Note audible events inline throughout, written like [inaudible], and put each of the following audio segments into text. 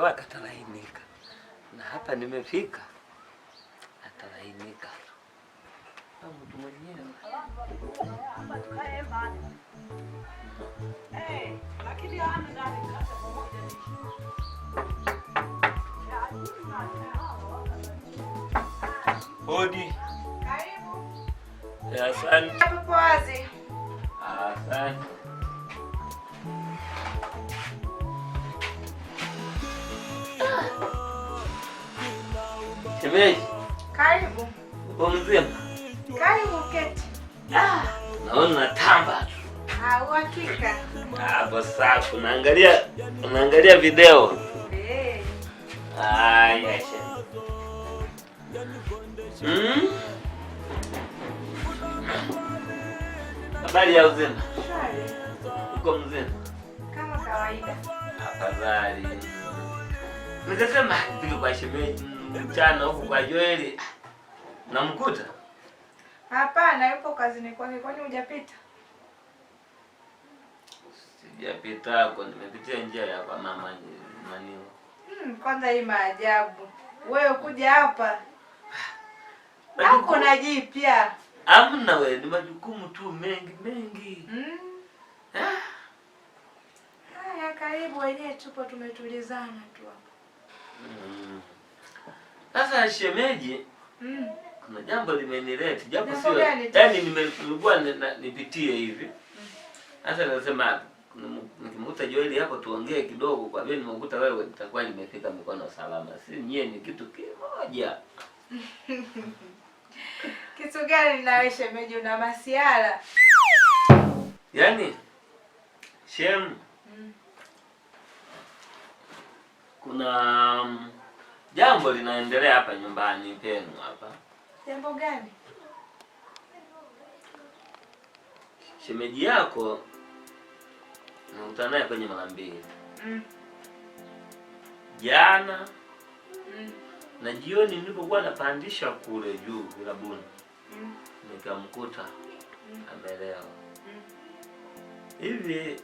wake watalainika, na hapa nimefika atalainika mtu mwenyewe. Eh, Hodi. Eh, asante. Ah, asante. Shemeji, karibu. Uko mzima? Karibu keti. Ah, naona tamba tu. Ah, uhakika. Ah, bosa, unaangalia unaangalia video. Eh. Ah, yes. Mm. Habari ya uzima? Uko mzima? Kama kawaida. Afadhali. Nikasema ndio kwa shemeji mchana huku kwa Joeli namkuta? Hapana, yupo kazini kwake. Kwani hujapita? Sijapita hapo, nimepitia njia ya kwa mama nani. Hmm, kwanza hii maajabu. Wewe kuja hapa ako na jipya amna? Wewe ni majukumu tu mengi mengi. Hmm. Eh? karibu wenyewe, tupo tumetulizana tu hapa. Hmm. Sasa shemeji, mm. kuna jambo limenileta japo sio, yaani nimefungua nipitie hivi sasa. Nasema nikimkuta Joeli hapo tuongee kidogo, kwa vile nimekuta wewe, nitakuwa nimefika mikono salama, si nyie ni kitu kimoja [laughs] kitu gani? Nawe shemeji, una masiara yaani shem, mm. kuna mm, jambo linaendelea hapa nyumbani penu hapa. Jambo gani? Shemeji yako nakutana naye kwenye mara mbili mm. Jana mm. na jioni nilipokuwa napandisha kule juu vilabuni mm. nikamkuta mm. amelewa mm. hivi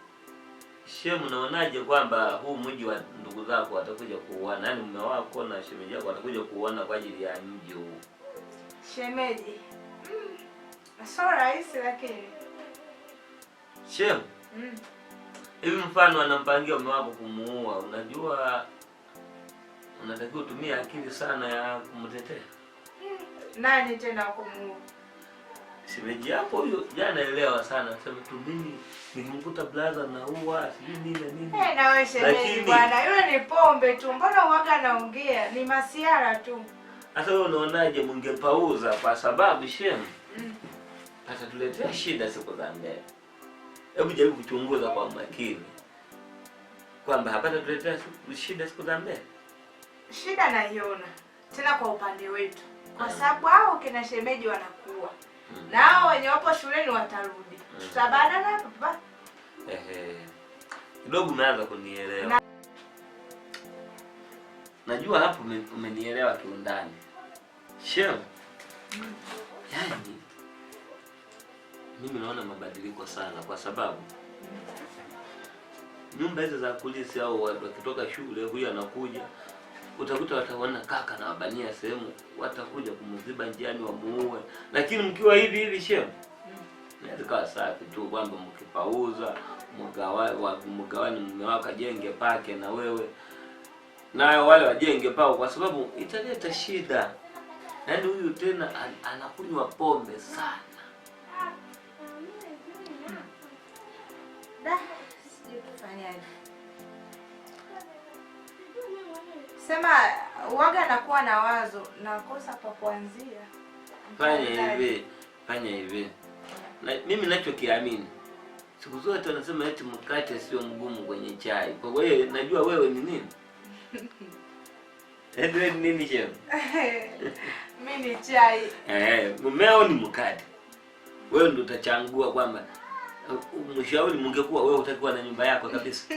Shehe, mnaonaje kwamba huu mji wa ndugu zako watakuja kuuana, yaani mume wako na shemeji yako watakuja kuuana kwa ajili ya mji huu? Shemeji, mm, sio rahisi lakini. Shehe, mm, hivi mfano anampangia mume wako kumuua, unajua unatakiwa utumie akili sana ya kumtetea. Mm, nani tena kumuua? shemeji hapo huyo jana elewa sana, sema tu mimi nilimkuta blaza na uwa sijui nini na nini. Eh, na wewe shemeji bwana, yule ni pombe tu, mbona uwaga anaongea ni masiara tu. Hata wewe unaonaje, mungepauza kwa sababu shemu mm. atatuletea shida siku za mbele. Hebu jaribu kuchunguza kwa makini kwamba hapata tuletea shida siku za mbele. Shida naiona tena kwa upande wetu, kwa ah. sababu hao kina shemeji wanakuwa nao wenye wapo shuleni watarudi, mm. tutabanana baba. Ehe, kidogo umeanza kunielewa na... najua hapo umenielewa kiundani, shem mm. Yani mimi naona mabadiliko sana, kwa sababu nyumba hizo za kulisi au wakitoka shule, huyu anakuja utakuta wataona kaka na wabania sehemu, watakuja mkiziba njiani wamuue, lakini mkiwa hivi hivi shehe naweza safi tu kwamba mkipauza mgawani, mume wako ajenge pake na wewe nayo wale wajenge pao, kwa sababu italeta shida. Yaani huyu tena an, anakunywa pombe sana ah, ah, Sema waga nakuwa na wazo nakosa pa kuanzia. Fanya hivi, fanya hivi. Na mimi ninachokiamini siku zote wanasema eti mkate sio mgumu kwenye chai. Kwa hiyo najua wewe ni nini? [laughs] Wewe ni nini shem? [laughs] Mimi ni chai. Eh, mumeo ni mkate. Wewe ndio utachangua kwamba mshauri mungekuwa wewe utakuwa na nyumba yako kabisa.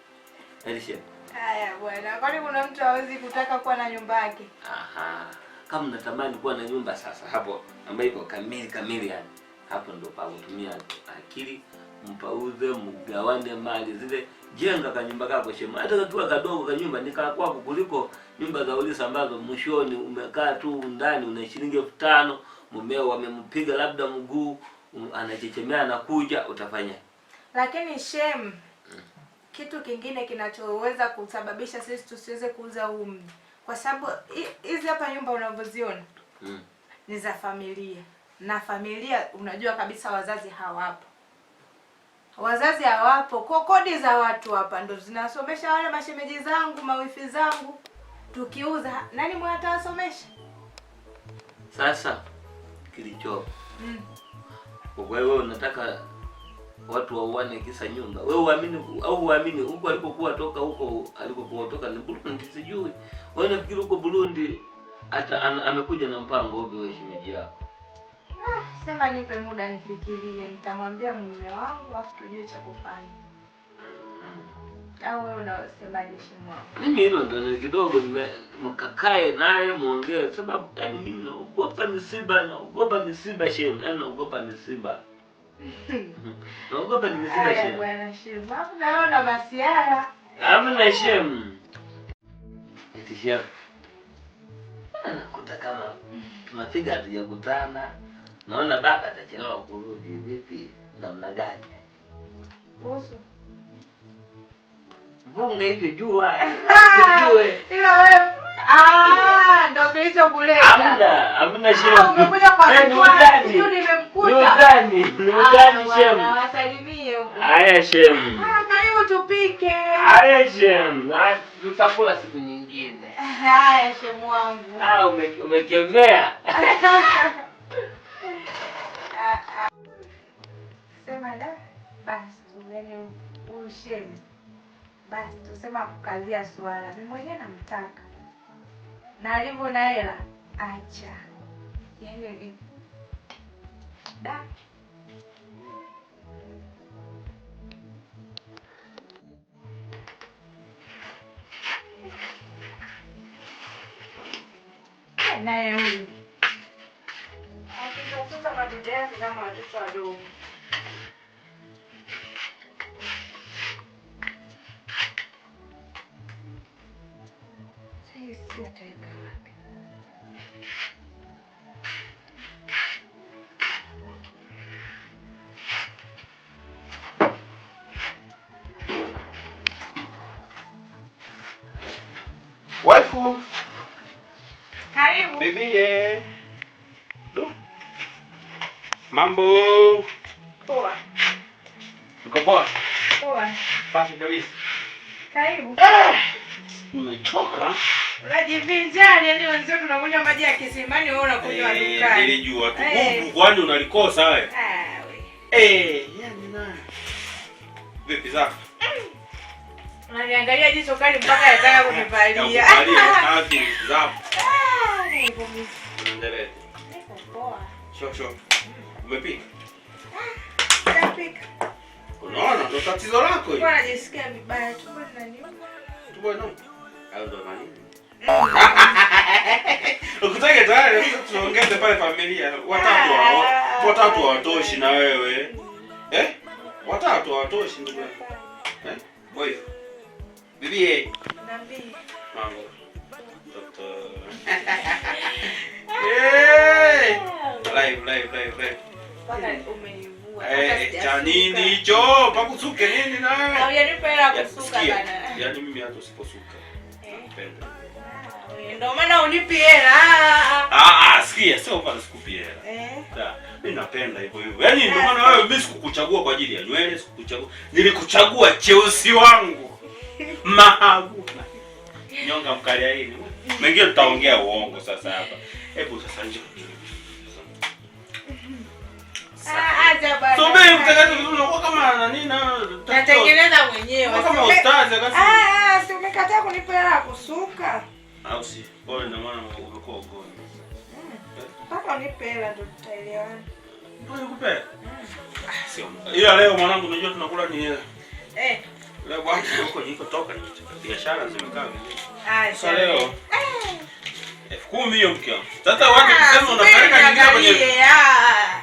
[laughs] Elisha. Haya bwana, kwani kuna mtu hawezi kutaka kuwa na nyumba yake? Aha, kama natamani kuwa na nyumba sasa, hapo ambayo iko kamili kamili, yani hapo ndo pa kutumia akili, mpauze, mgawane mali zile, jenga kanyumba kako shemu, hata kakiwa kadogo kanyumba kwako kuliko nyumba za ulisa ambazo mwishoni umekaa tu ndani una shilingi elfu tano mumeo wamempiga labda mguu, anachechemea anakuja, utafanya lakini shemu kitu kingine kinachoweza kusababisha sisi tusiweze kuuza huu mji, kwa sababu hizi hapa nyumba unavyoziona mm. ni za familia na familia, unajua kabisa wazazi hawapo, wazazi hawapo, kwa kodi za watu hapa ndo zinasomesha wale mashemeji zangu mawifi zangu. Tukiuza nani mwe atawasomesha? Sasa kilicho mm. kwa hiyo unataka watu wauane kisa nyumba. Wewe uamini au uamini huko alipokuwa toka huko alipokuwa toka ni Burundi sijui. Wewe unafikiri huko Burundi hata an, amekuja na mpango ovyo wewe shemeji yako. Ah, sema nipe muda nifikirie, nitamwambia mume wangu afu tujue cha kufanya. Au wewe unasemaje shemeji? Mimi hilo ndo kidogo mkakae naye muongee sababu mimi naogopa misiba, naogopa misiba shemeji, naogopa misiba. Naogopa nimezima shemu. Bwana shemu, hapo na na masiara. Hapo na shemu. Eti shemu. Kuta kama tunafika hatujakutana. Naona baba atachelewa kurudi vipi? Namna gani? Boso. Bunga hivi jua. [laughs] Jue. Ila wewe ah, ndio kilicho kuleta. Hamna, hamna shemu. Ah, umekuja kwa kitu gani? Ah, ah, tutakula siku nyingine. Haya shemu wangu. Ah, umekemea. Sema da basi ugeni ushem basi tusema kukazia swala, mimi mwenyewe namtaka na alivyo na hela acha, yaani Da. Naye huyu akitatuza madude yake kama watoto wadogo. yako. Karibu. Mambo. Poa. poa? Poa. Karibu. Umechoka? Eh! Unajivinjari yaani tunakunywa maji ya kisimani wewe unakunywa eh, dukani. Nilijua tu eh. kwani unalikosa wewe. Ah, wewe. Eh, yani na. Vipi zako? Ameniangalia jicho kali mpaka yataka [laughs] kunivalia. Ah, ah, Unaona ndo tatizo lako hili. Najisikia vibaya, tumbo linaniuma. Mm. [laughs] tayari tuongeze pale familia. Watatu ah. Watatu na wewe. Eh? Watatu ndugu Eh? Bibi. Mambo. Toto. [laughs] Eh. Live live live live. Paka Eh, cha nini hicho? Pakusuke nini na wewe? kusuka bana. Yaani mimi hata usiposuka. Eh. Eh, ndio maana unipi hela. Ah ah, ah sikia, sio sikupi hela. Eh. Mimi napenda hivyo hivyo. Yaani ndio maana wewe mimi sikukuchagua kwa ajili ya nywele, sikukuchagua. Nilikuchagua cheusi wangu. Mahabu. Nyonga mkalia hili. Mwingine tutaongea uongo sasa hapa. Hebu sasa njoo. Ah, acha bana. Tumbeni mtakatifu unakuwa kama nani na tatengeneza mwenyewe. Kama ustazi kasi. Ah, ah, si umekataa kunipa hela ya kusuka. Au si? Bora ndio maana umekuwa ugonjwa. Hmm. Paka unipe hela ndio tutaelewana. Bora nikupe. Hmm. Ah, sio. Ila leo mwanangu, unajua tunakula ni hela. Eh, Ule ah, eh. ah, ah.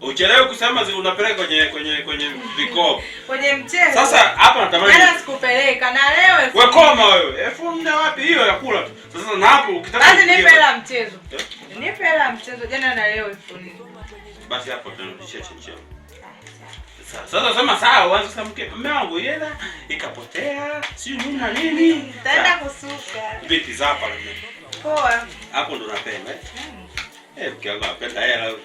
Uchelewe kusema zi unapeleka kwenye kwenye kwenye vikopo. [laughs] Kwenye mchezo. Sasa hapa natamani. Hata sikupeleka na leo Wewe koma wewe. Elfu mna wapi hiyo ya kula tu. Sasa na hapo ukitaka. Basi nipe hela mchezo. Eh? Nipe hela mchezo jana na leo elfu. Basi hapo tunarudishia chenye. Sasa sema sawa, uanze kusema mke mume wangu yela ikapotea, Si nini na nini. Taenda kusuka. Vipi zapa na Poa. Hapo ndo napenda eh. Mm. Eh, mke wangu anapenda hela. [laughs]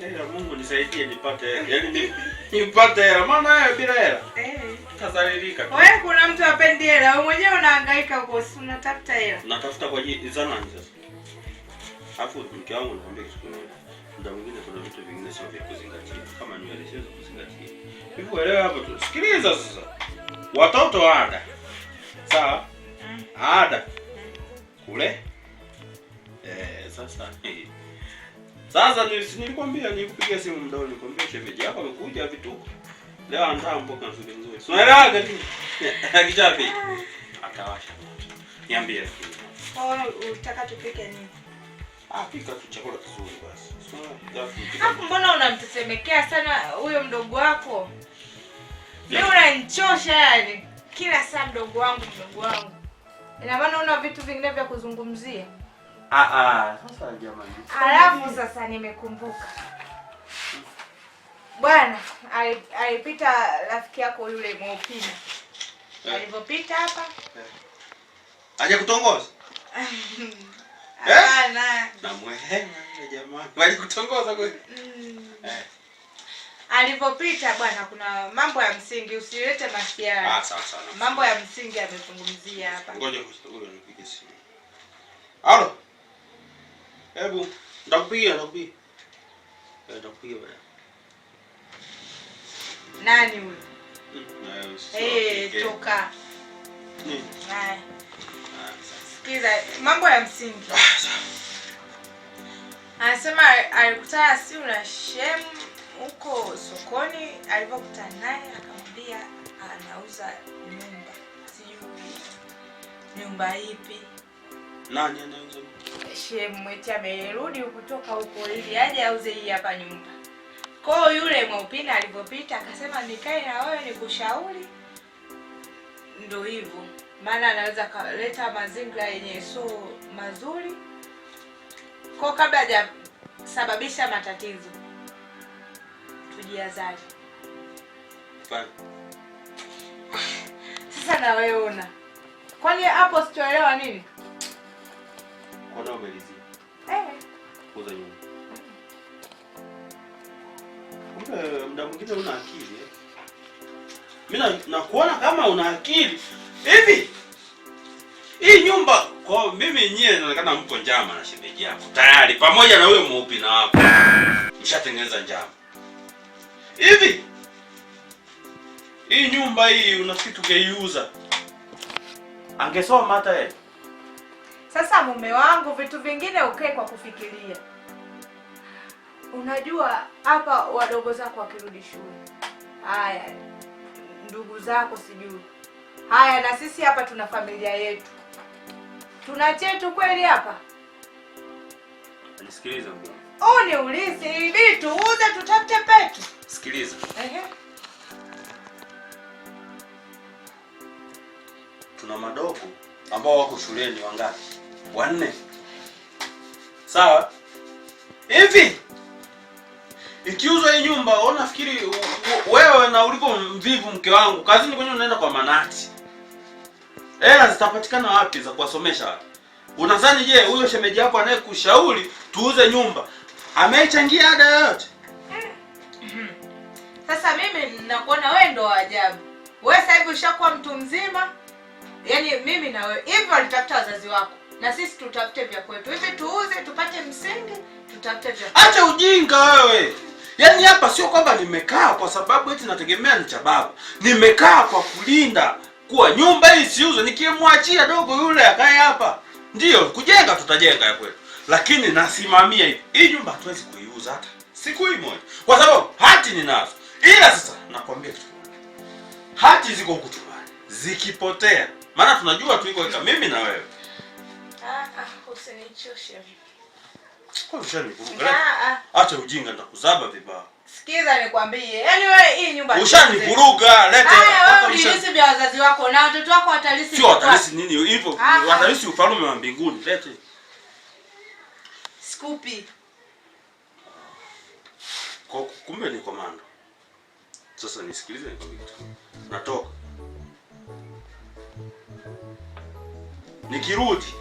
Hela, Mungu nisaidie nipate hela. Yaani [laughs] nipate hela, maana hela bila hela. Eh. Tazalilika. Wewe kuna mtu apendi hela, wewe mwenyewe unahangaika huko, si unatafuta hela. Natafuta kwa ajili za nani sasa? Afu mke wangu anambia kitu kingine muda mwingine kuna vitu vingine sio vya kuzingatia, kama nywele sio kuzingatia. Hivi uelewe hapo tu. Sikiliza sasa, watoto ada, sawa, mm. ada kule eh. Sasa sasa nilikwambia, nikupigia simu mdao, nilikwambia shemeji hapa amekuja vituko leo, andaa mboka nzuri nzuri, unaelewa gani? Akichapi [laughs] ah. atawasha moto. Niambie, oh, utaka tupike nini? Ah, tu chakula kizuri basi. Hapo mbona unamtetemekea sana huyo mdogo wako? Leo unanichosha yani. Kila saa mdogo wangu mdogo wangu. Ina maana una vitu vingine vya kuzungumzia? Ah ah, sasa jamani. Alafu sasa nimekumbuka. Bwana, alipita rafiki yako yule Mwaupina. Eh. Alipopita hapa. Eh. Aje kutongoza? [laughs] Eh? [laughs] walikutongoza kweli? Mm. Eh. Alipopita bwana, kuna mambo ya msingi, usilete masiara. Ah, mambo ya msingi amezungumzia hapa. Ngoja nipige simu. Halo, hebu ndakupigia, ndakupigia, eh, ndakupigia bwana. Nani huyo? Mm, eh, toka. Mm. Sikiza mambo ya msingi. Ah, Anasema alikutana Asiu na Shemu huko sokoni, alipokutana naye akamwambia anauza nyumba, sijui nyumba ipi. Nani anauza? Shem eti amerudi kutoka huko ili aje auze hii hapa nyumba. Kwa yule Mwaupina alipopita akasema nikae na wewe nikushauri, ndio hivyo maana anaweza kaleta mazingira yenye suu mazuri kwa kabla hajasababisha matatizo, tujiazali. [laughs] Sasa na wewe una kwani hapo sitoelewa nini? Eh. Muda mwingine una akili, mimi eh. nakuona kama una akili. Hivi hii nyumba kwa mimi nyie, inaonekana mpo njama na shemeji yako tayari, pamoja na huyo mweupe na wapo, mshatengeneza njama. Hivi hii nyumba hii unafikiri tungeiuza angesoma hata yeye? Sasa mume wangu, vitu vingine ukae kwa kufikiria. Unajua hapa wadogo zako wakirudi shule, haya ndugu zako sijui Haya, na sisi hapa tuna familia yetu, tuna chetu kweli hapa. Nisikilize bwana, uniulizi ili tuuze tutafute petu. Sikiliza, ehe, tuna madogo ambao wako shuleni. Wangapi? Wanne. Sawa. Hivi ikiuzwa hii nyumba, unafikiri wewe na uliko mvivu mke wangu kazini kwenye unaenda kwa manati hela zitapatikana wapi za kuwasomesha watu? Unadhani je, huyo shemeji yako anayekushauri tuuze nyumba ameichangia ada yoyote? Hmm. Sasa mimi nakuona wewe ndo ajabu. Wewe sasa hivi ushakuwa mtu mzima, yaani mimi na wewe hivi walitafuta wazazi wako, na sisi tutafute vya kwetu hivi, tuuze tupate msingi, tutafute vya kwetu. Acha ujinga wewe. Yaani hapa sio kwamba nimekaa kwa sababu eti nategemea ni cha baba, nimekaa kwa kulinda kuwa nyumba hii siuze, nikimwachia dogo yule akae hapa. Ndiyo kujenga tutajenga ya kwetu lakini nasimamia hivi, hii nyumba hatuwezi kuiuza hata siku hii moja, kwa sababu hati ninazo. Ila sasa nakwambia kitu, hati ziko huku chumbani, zikipotea, maana tunajua tuliko mimi na wewe. Ah, ah, usinichoshe mimi, ah, acha ujinga, nitakuzaba vibao. Sikiza nikwambie. Yaani wewe hii nyumba ushanivuruga, leta hapa. Wewe ulilisi vya wazazi wako na watoto wako watalisi. Sio watalisi nini hivyo? Watalisi ufalme wa mbinguni. Lete. Skupi. Kwa kumbe ni komando. Sasa nisikilize nikwambie kitu. Natoka. Nikirudi. Nikirudi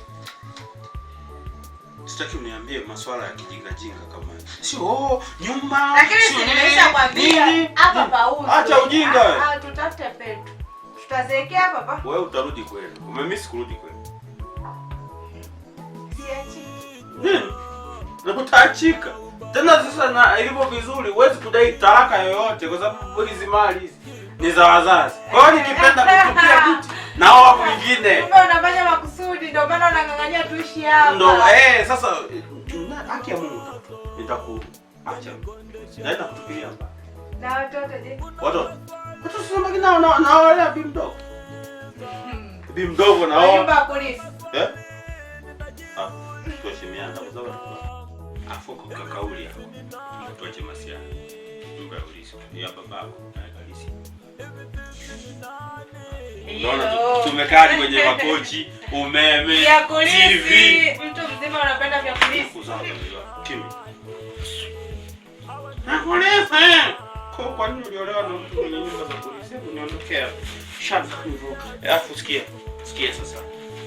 Sitaki uniambie maswala ya kijinga jinga kama hiyo. Sio mm. oh, nyumba. Lakini si nimesha kwambia hapa pauzi. Mm. Acha ujinga wewe. Ah, tutafute petu. Tutazeekea hapa pa. Wewe utarudi kweli. Umemiss kurudi kwenu Siachi. Nini? Nakutaachika. Tena sasa na ilipo vizuri huwezi kudai taraka yoyote kwa sababu hizi mali hizi ni za wazazi. Kwa hiyo nikipenda kutupia kuti nao wako wengine. Kumbe unafanya makusudi, ndio maana unang'ang'ania tuishi hapa. Ndio eh, sasa haki ya Mungu nitakuacha. Naenda kutupilia hapa. Na watoto je? Watoto. Watoto sio mbaki nao na na wale bibi mdogo. Hmm. mdogo na wao. Nyumba polisi. Eh? Ah, tuheshimiane kwa sababu afuko kakauli hapo. Tuache masiana. Nyumba ya polisi. Ya babako. Tumekaa kwenye makochi, umeme, TV. Mtu mzima unapenda vya polisi. Kwa nini uliolewa na mtu mwenye nyumba za polisi? Uniondokea. Shaka kuvuka. Alafu sikia. Sikia sasa.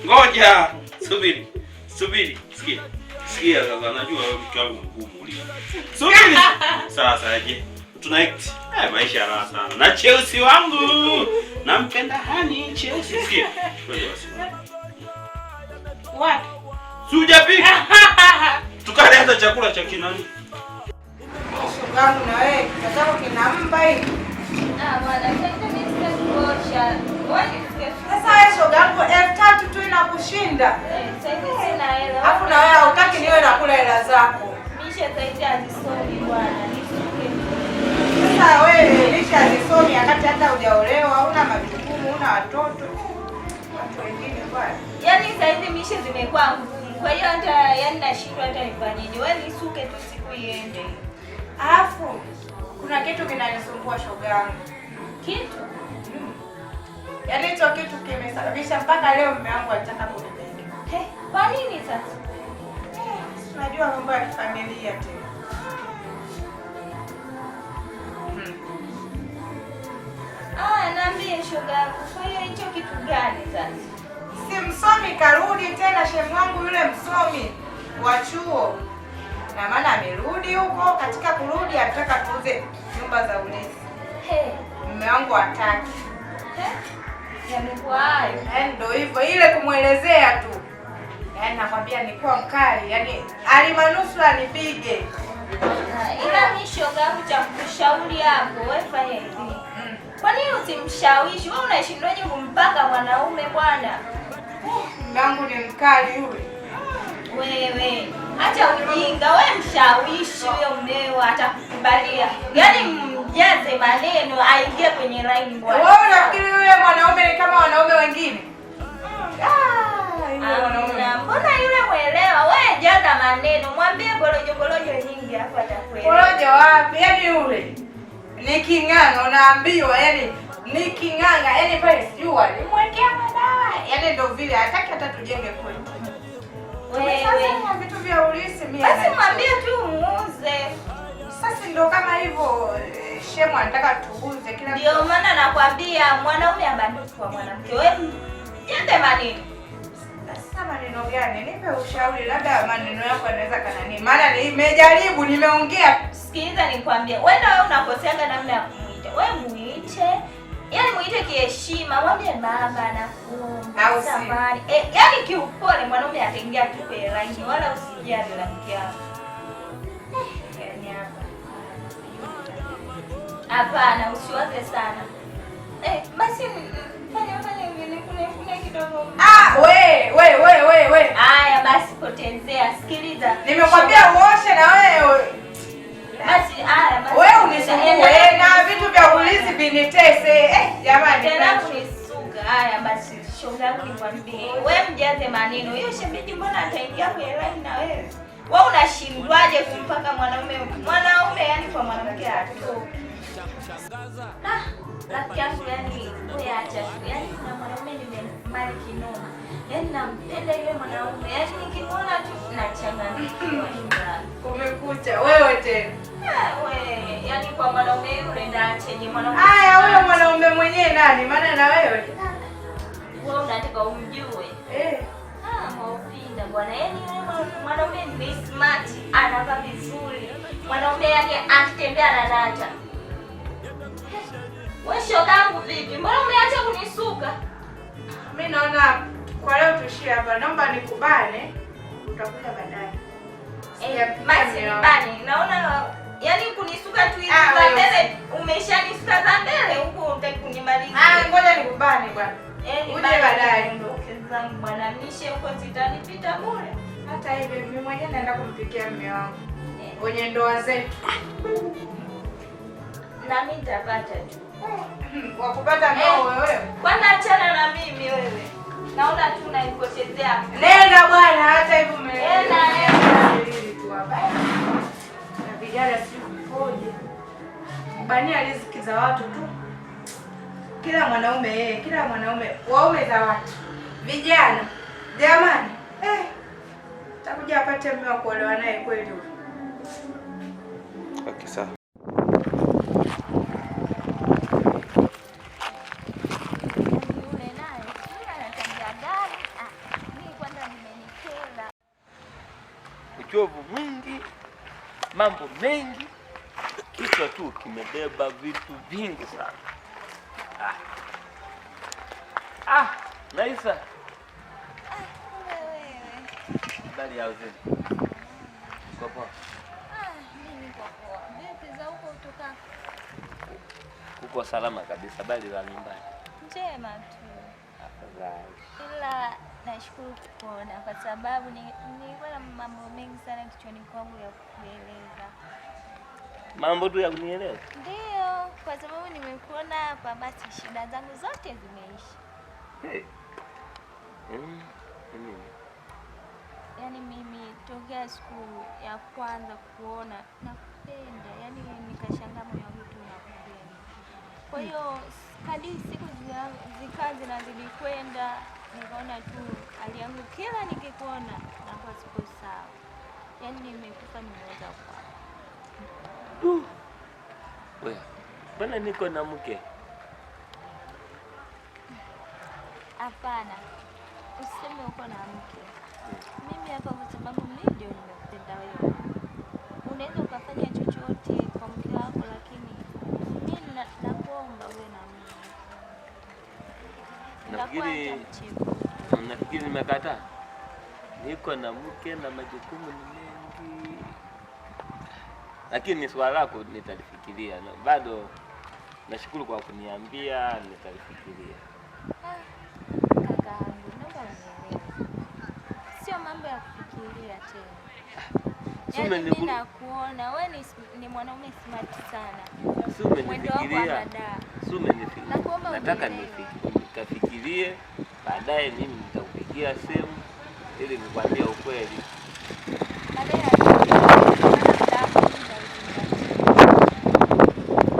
Ngoja. Subiri. Subiri. Sikia. Sikia sasa, najua wewe mke wangu mgumu. Subiri. [laughs] Sasa aje tuna eh, maisha raha sana na Chelsea wangu nampenda hani Chelsea, sikia Suja sujapika [laughs] tukale hata chakula cha kinani Alafu na wewe hutaki niwe nakula hela zako. Mimi shetani hadi bwana. Sasa wewe licha alisomi akati hata hujaolewa, una majukumu, una watoto, watu wengine bwana. Yaani saizi hivi mishe zimekuwa ngumu, kwa hiyo hata yaani nashindwa hata nifanyeje. Wewe nisuke tu siku iende. Alafu kuna kitu kinanisumbua shogangu. Kitu? Hmm. Yaani hicho kitu kimesababisha mpaka leo mume wangu anataka kunipeleka. Eh, kwa nini sasa? Eh, unajua mambo ya familia tena. Ah, naambie shoga yako, kwa hiyo hicho kitu gani sasa? Si msomi karudi tena shemu wangu yule msomi wa chuo. Na maana amerudi huko, katika kurudi anataka tuuze nyumba za ulezi. Hey. Mume wangu hataki. Hey. Yamekuwa hayo. Eh, ndio hivyo ile kumwelezea tu. Yaani nakwambia nilikuwa mkali, yaani alimanusura anipige. Ah, ila mimi shoga yangu cha kushauri hapo, wewe fanya hivi usimshawishi wewe. Unashindwaje kumpaka mwanaume bwana? Mdangu ni mkali yule. Wewe acha ujinga, we mshawishi huyo mleo, atakukubalia. Yaani mjaze maneno aingie kwenye laini bwana. Wewe unafikiri yule mwanaume ni kama wanaume wengine? Ah, Mbona yule mwelewa, we jaza maneno, mwambie porojo porojo nyingi hapo atakuelewa. Porojo wapi? Yaani yule ni king'ang'a, unaambiwa yaani niking'ang'a, yani pale sijui walimwekea madawa, yani ndio vile hataki hata tujenge kwetu. Sasa vitu vya ulisi mimi, basi mwambie tu muuze. Sasa ndio kama hivyo eh, shemu anataka tuuze kila Ndio maana nakwambia mwanaume abandiki kwa mwanamke. Wewe jembe maneno. maneno gani? Nipe ushauri, labda maneno yako yanaweza kanani, maana nimejaribu, nimeongea. Sikiliza nikwambie, wewe na wewe unakoseaga namna ya kumuita wewe muite yani muite kiheshima, mwambie baba na samani eh, yani kiupole. Mwanaume ataingia tu kwenye rangi wala usijali na mke wako. Hapana, usiwaze sana eh, basi fanya fanya kidogo. Ah, we we we we we, haya basi potenzea, Sikiliza, nimekwambia uoshe na wewe Ah, wewe unisugue na eh, vitu vya ulizi vinitese eh, jamani. Haya basi, shoga yangu nikwambie, wewe mjaze maneno. Huyo shemeji mbona ataingia kwenye line na wewe? Wewe unashindwaje kumpaka mwanaume mwanaume, yani kwa mwanamke atoki. Ah, rafiki yangu yani, acha tu. Yani kuna mwanaume nimemali kinoma yaani nampenda yule mwanaume, yaani nikimwona tu nachanganyikiwa. Kumekucha wewe tena wewe, kwa mwanaume yule ndaache ni mwanaume. Haya, huyo mwanaume mwenyewe nani? Maana na wewe wewe unataka umjue eh? Ah, maupinda bwana, yaani yule mwanaume ni smart, anavaa vizuri, mwanaume yake akitembea na nata vipi? Mbona umeacha kunisuka? Mimi naona kwa leo tuishie hapa, naomba nikubane, utakuja baadaye. Eh, Bani, naona yani kunisuka tu hizi ah, za mbele, umeshanisuka za mbele huko, utaki kunimaliza. Ah, ngoja nikubane bwana, eh, uje baadaye. Zangu bwana, mnishe huko, zitanipita bure. Hata hivyo mimi mwenyewe naenda kumpikia mume wangu eh. kwenye ndoa zetu, na mimi nitapata tu. [laughs] Wakupata mimi wewe? Kwanza achana na mimi wewe naona tu unaikochezea. Nenda bwana, hata hivyo umeenda na vijana sikupoje, bania riziki za watu tu. Kila mwanaume yeye, eh, kila mwanaume waume za watu vijana jamani, eh, takuja apate mume wa kuolewa naye kweli? Okay, sawa. mambo mengi, kichwa tu kimebeba vitu vingi sana. Ah. Ah, Naisa. Habari ya uzeni? Uko poa? Uko salama kabisa, bali za nyumbani? Njema tu. Afadhali nashukuru kuona, kwa sababu nilikuwa na mambo mengi sana kichwani kwangu ya kueleza, mambo tu ya kunielewa. Ndio, kwa sababu nimekuona hapa, basi shida zangu zote zimeisha. Hey. Mm. Mm. Yaani mimi tokea siku ya kwanza kuona nakupenda, yaani nikashangaa moyo wangu tu nakupenda. Kwa hiyo kadiri siku zikazi zinazidi kwenda nikaona tu hali yangu kila nikikuona nakuwa sipo sawa, yaani nimekufa nimeweza kwa mbona niko na mke? Hapana, useme uko na mke. Mimi hapa kwa sababu mimi ndio nimekupenda wewe. Unaweza ukafanya chochote kwa mke wako, lakini mimi nakuomba wewe Nafikiri nafikiri nimekata. Niko na mke na majukumu ni mengi, lakini ni swala lako nitalifikiria. Bado nashukuru kwa kuniambia, nitalifikiria. Sio mambo ya kufikiria tena. Mimi yaani nakuona wewe ni, ni mwanaume smart sana. Sume nifikiria. Sume nifikiria. Nataka nifikirie nikafikirie, baadaye mimi nitakupigia simu ili nikwambie ukweli.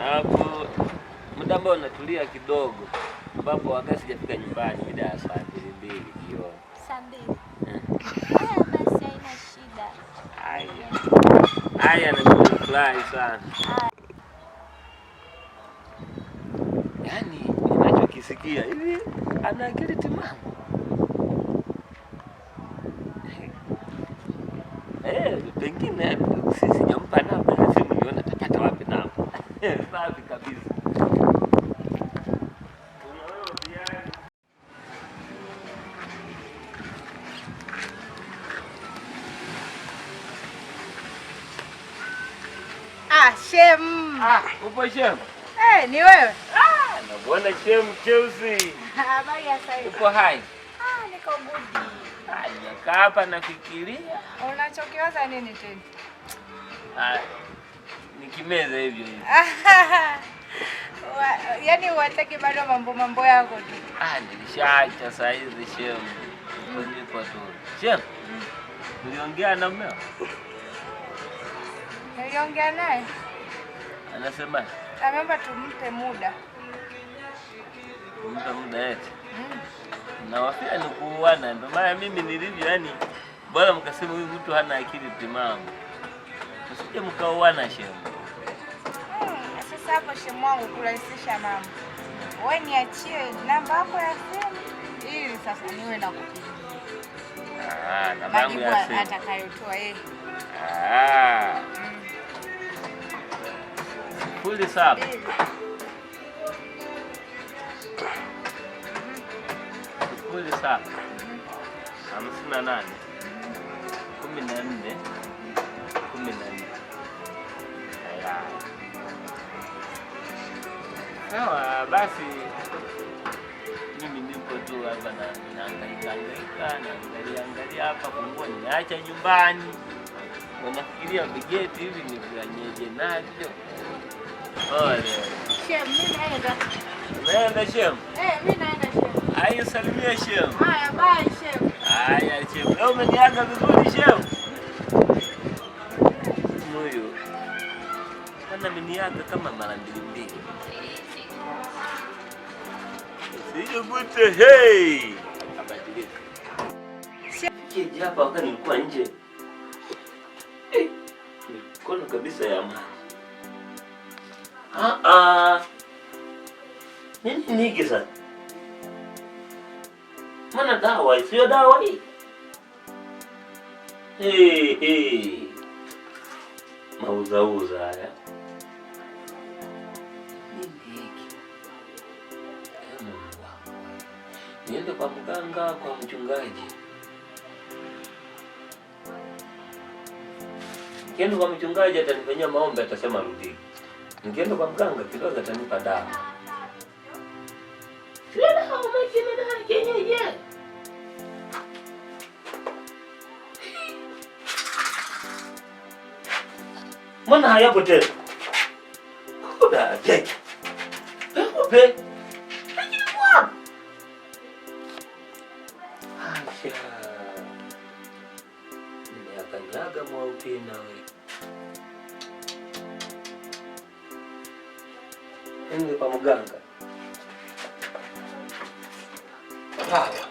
Hapo muda ambao natulia kidogo, ambapo wakati sijafika nyumbani mida ya saa mbili mbili jioni. Saa mbili. Eh. Basi haina shida. Haya, haya, sana. kusikia hivi, ana akili timamu eh, pengine sijampa namba na simu, nione atapata wapi namba. [laughs] Safi kabisa. Ah, shem. Ah, upo shem shemu Cheusi. Habari ya sasa. Uko hai? Ah, niko budi. Haya, kaa hapa nafikiria. Unachokiwaza nini tena? Ah, nikimeza hivyo hivyo. [laughs] Yaani uwataki bado mambo mambo yako tu. Ah, nilishaacha saa hizi shemu. Niko tu. Shemu. Mm. Uliongea na mmeo? Niliongea naye. Anasema? Ameomba tumpe muda kumpa muda eti na wafia ni kuuana. Ndio maana mimi nilivyo, yani bora mkasema huyu mtu hana akili timamu, msije mkauana shemu. Eh, sasa hapo shemu wangu, kurahisisha mambo, wewe niachie namba yako ya simu ili sasa niwe na kupigia ah, majibu atakayotoa yeye. sifuri ah. mm. saba saba hamsini na nane kumi na nne kumi na nne Sawa basi, mimi nipo tu hapa naangalia angalia angalia hapa kungua, niacha nyumbani, wanafikiria vigeti hivi nivanyeje navyo. Ole, umeenda shemu? Eh, Haya, salimia shehe. Haya, bye shehe. Haya shehe. Leo umeniaga vizuri shehe. Moyo. Bana meniaga kama mara mbili mbili. Sijubute hey. Abadilika. Shehe, hapa wakati nilikuwa nje. Eh. Nilikuwa kabisa ya amani. Ah ah. Nini nige sasa? Mana dawa isiyo dawa hii Mauzauza haya niende kwa mganga, kwa mchungaji. Nikienda kwa mchungaji atanifanyia maombi, atasema rudi. Nikienda kwa mganga kidogo atanipa dawa. Mbona hayapo tena? Kuda Ende kwa mganga. Papa.